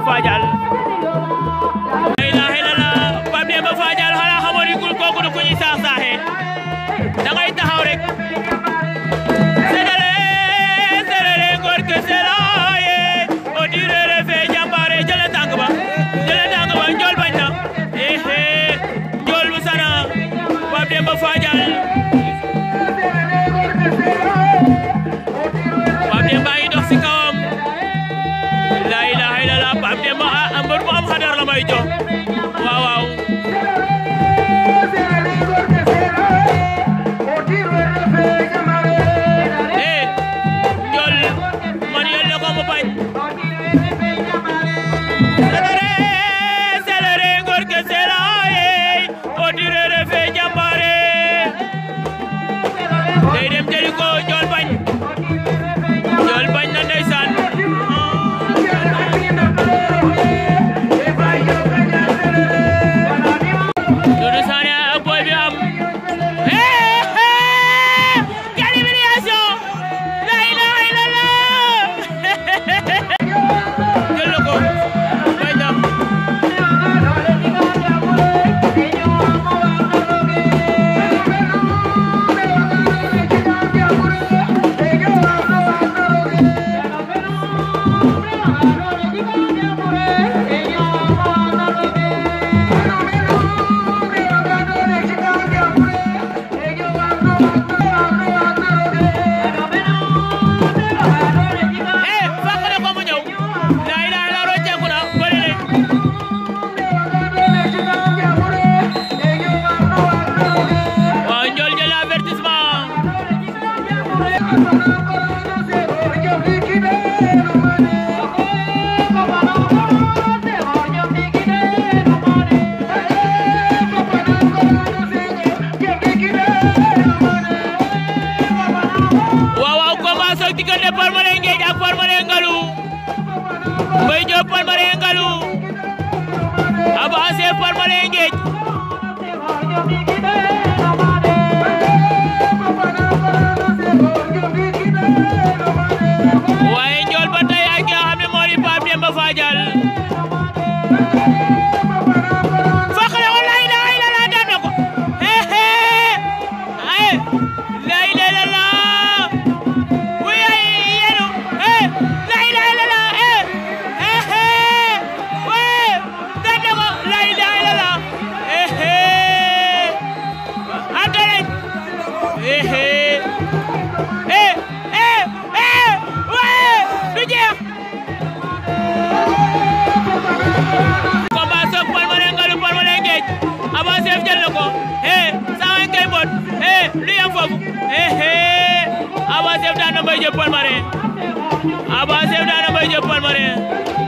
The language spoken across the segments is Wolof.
Fajar चुपन मर आ बस एवडा नब्बे चुपन मरे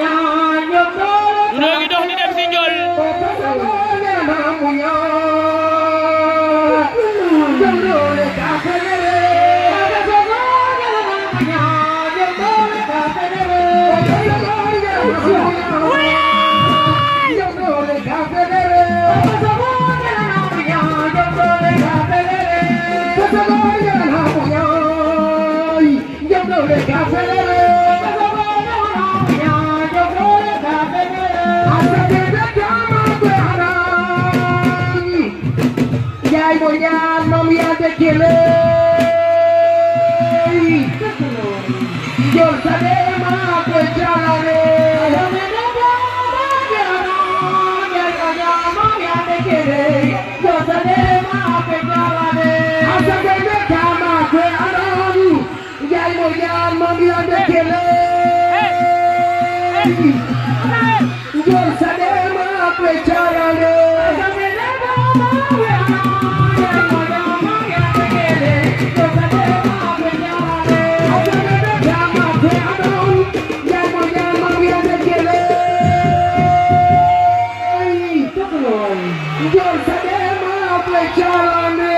ñoo ngi dox di dem si Ndiol Jerusalem, I'm a preacher. Amen.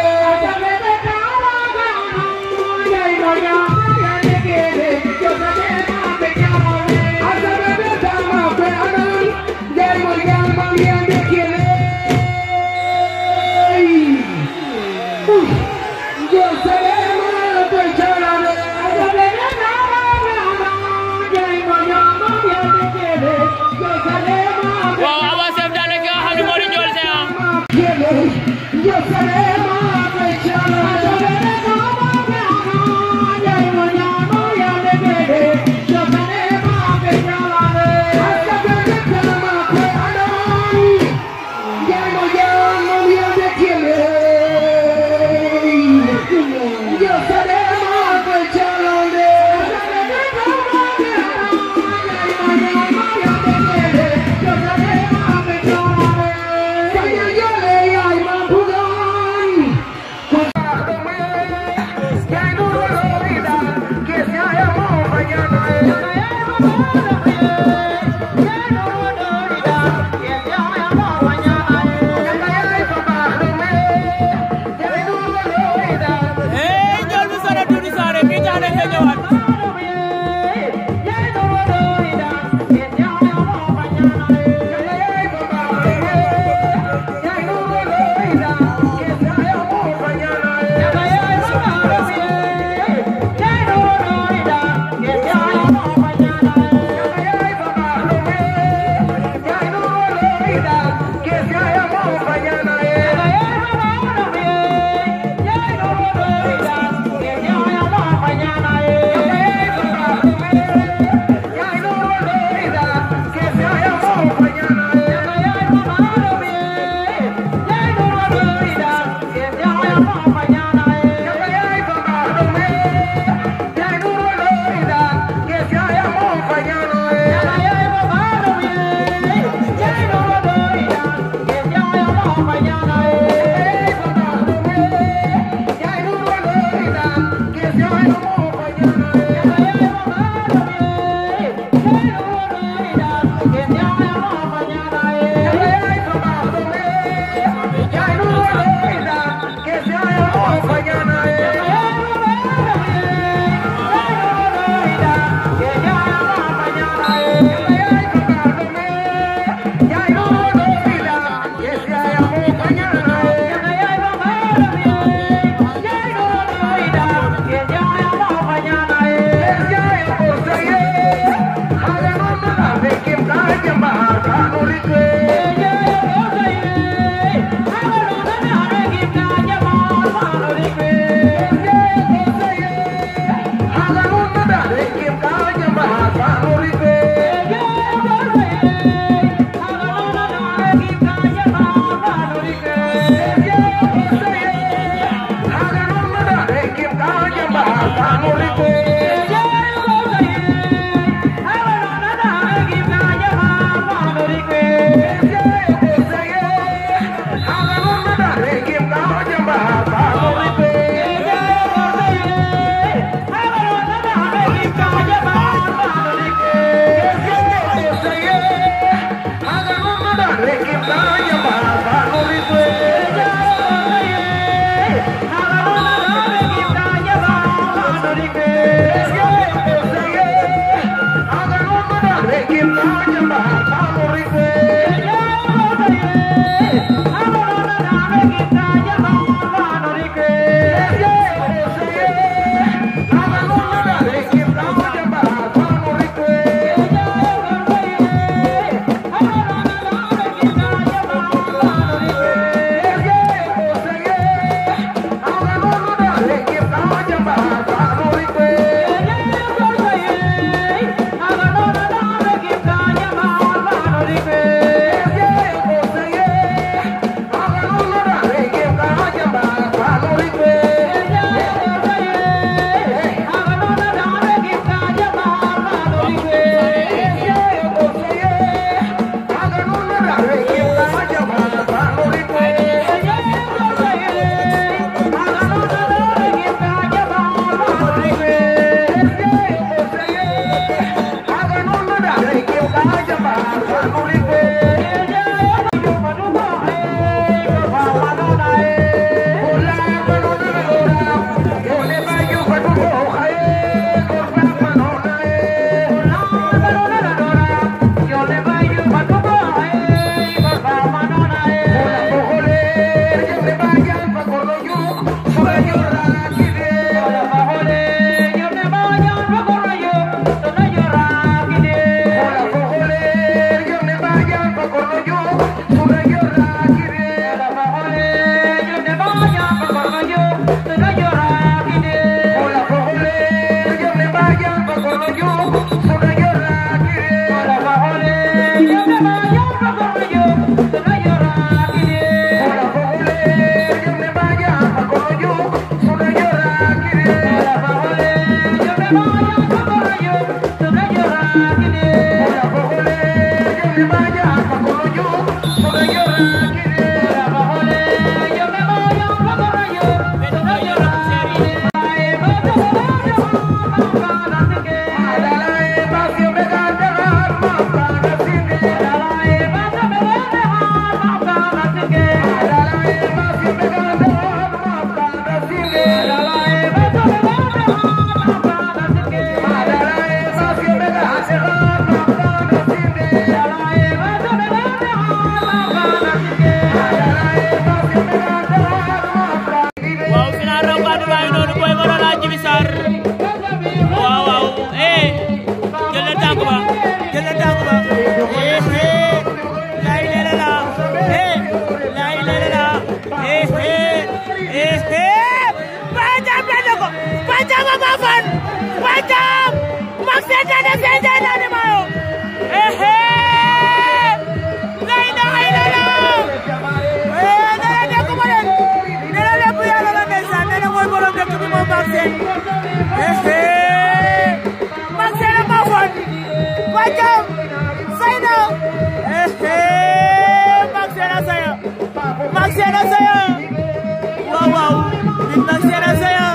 ndax Seere Seya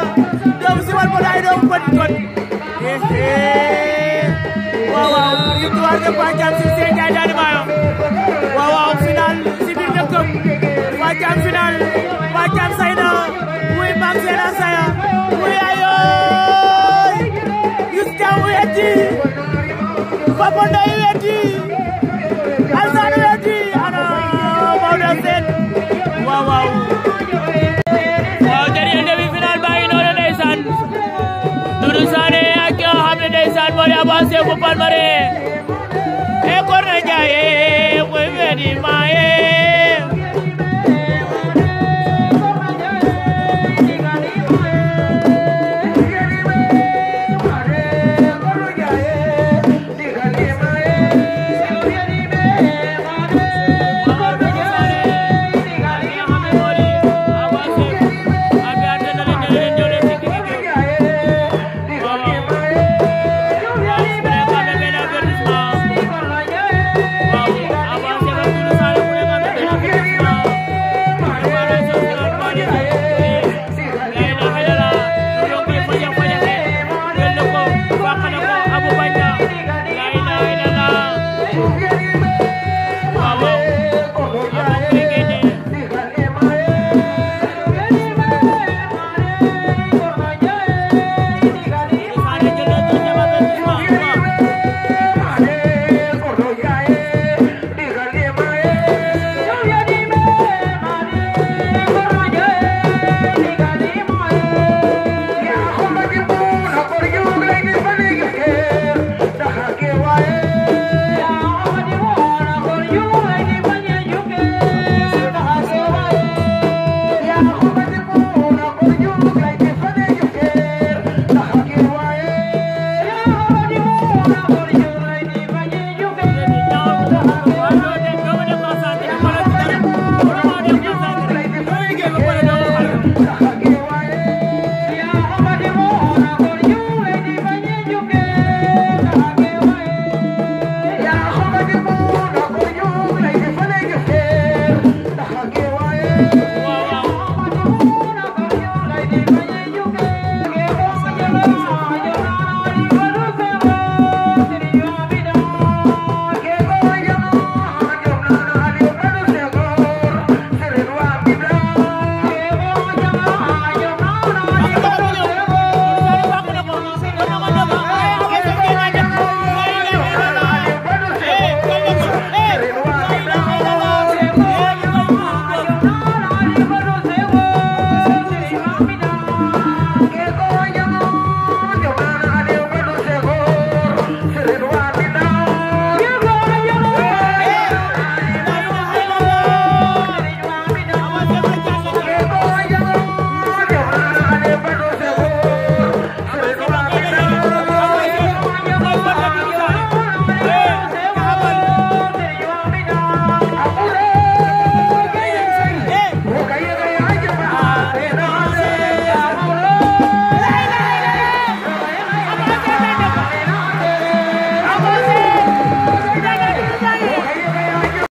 doomu Siwal Bodo ay doomu Petit Cotte waaw waaw victoire de Pathiam Cissé Ndiaye Daane Mayo waaw waaw final si biir dëkkam Pathiam final Pathiam say na muy Mame Seere Seya muy ayooy gis nga mu wetti Papa Ndoye wetti se ocupa el